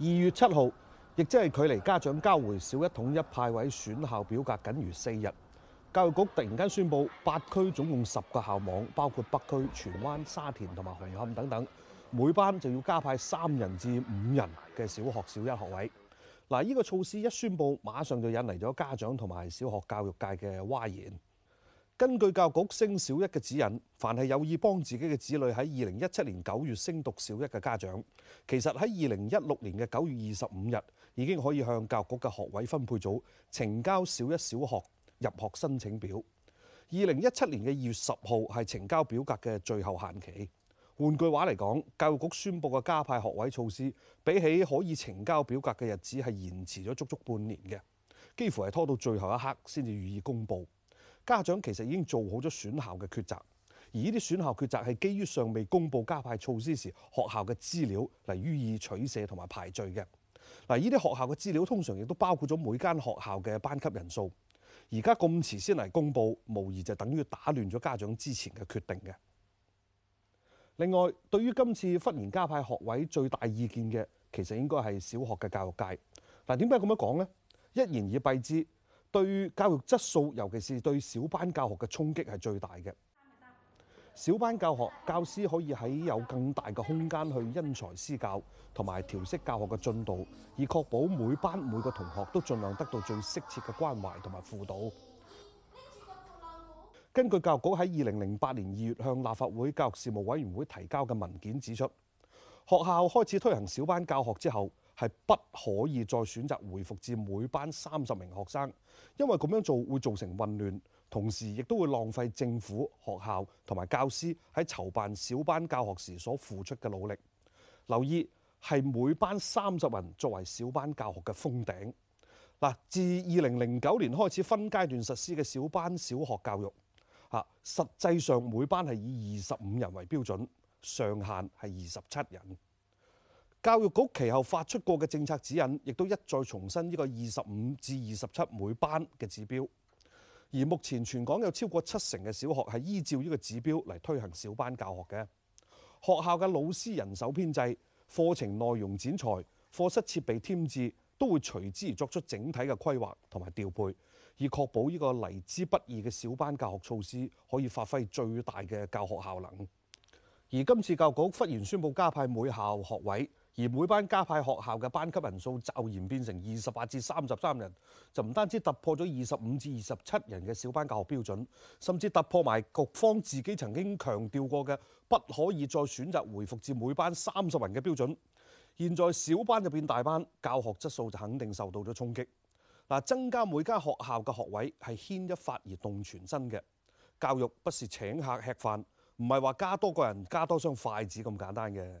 二月七號，亦即係距離家長交回小一統一派位選校表格僅餘四日，教育局突然間宣布，八區總共十個校網，包括北區、荃灣、沙田同埋紅磡等等，每班就要加派三人至五人嘅小學小一學位。嗱，呢個措施一宣布，馬上就引嚟咗家長同埋小學教育界嘅嘩然。根據教育局升小一嘅指引，凡係有意幫自己嘅子女喺二零一七年九月升讀小一嘅家長，其實喺二零一六年嘅九月二十五日已經可以向教育局嘅學位分配組呈交小一小學入學申請表。二零一七年嘅二月十號係呈交表格嘅最後限期。換句話嚟講，教育局宣布嘅加派學位措施，比起可以呈交表格嘅日子係延遲咗足足半年嘅，幾乎係拖到最後一刻先至予以公佈。家長其實已經做好咗選校嘅抉擇，而呢啲選校抉擇係基於尚未公布加派措施時學校嘅資料嚟予以取捨同埋排序嘅。嗱，呢啲學校嘅資料通常亦都包括咗每間學校嘅班級人數。而家咁遲先嚟公布，無疑就等於打亂咗家長之前嘅決定嘅。另外，對於今次忽然加派學位最大意見嘅，其實應該係小學嘅教育界。嗱，點解咁樣講呢？一言以蔽之。對教育質素，尤其是對小班教學嘅衝擊係最大嘅。小班教學，教師可以喺有更大嘅空間去因材施教，同埋調適教學嘅進度，以確保每班每個同學都盡量得到最適切嘅關懷同埋輔導。根據教育局喺二零零八年二月向立法會教育事務委員會提交嘅文件指出，學校開始推行小班教學之後，係不可以再選擇回復至每班三十名學生，因為咁樣做會造成混亂，同時亦都會浪費政府、學校同埋教師喺籌辦小班教學時所付出嘅努力。留意係每班三十人作為小班教學嘅封頂。自二零零九年開始分階段實施嘅小班小學教育，實際上每班係以二十五人為標準，上限係二十七人。教育局其後發出過嘅政策指引，亦都一再重申呢個二十五至二十七每班嘅指標。而目前全港有超過七成嘅小學係依照呢個指標嚟推行小班教學嘅。學校嘅老師人手編制、課程內容剪裁、課室設備添置，都會隨之而作出整體嘅規劃同埋調配，以確保呢個來之不易嘅小班教學措施可以發揮最大嘅教學效能。而今次教育局忽然宣布加派每校學位。而每班加派學校嘅班級人數，驟然變成二十八至三十三人，就唔單止突破咗二十五至二十七人嘅小班教學標準，甚至突破埋局方自己曾經強調過嘅不可以再選擇回復至每班三十人嘅標準。現在小班就變大班，教學質素就肯定受到咗衝擊。嗱，增加每間學校嘅學位係牽一發而動全身嘅。教育不是請客吃飯，唔係話加多個人加多雙筷子咁簡單嘅。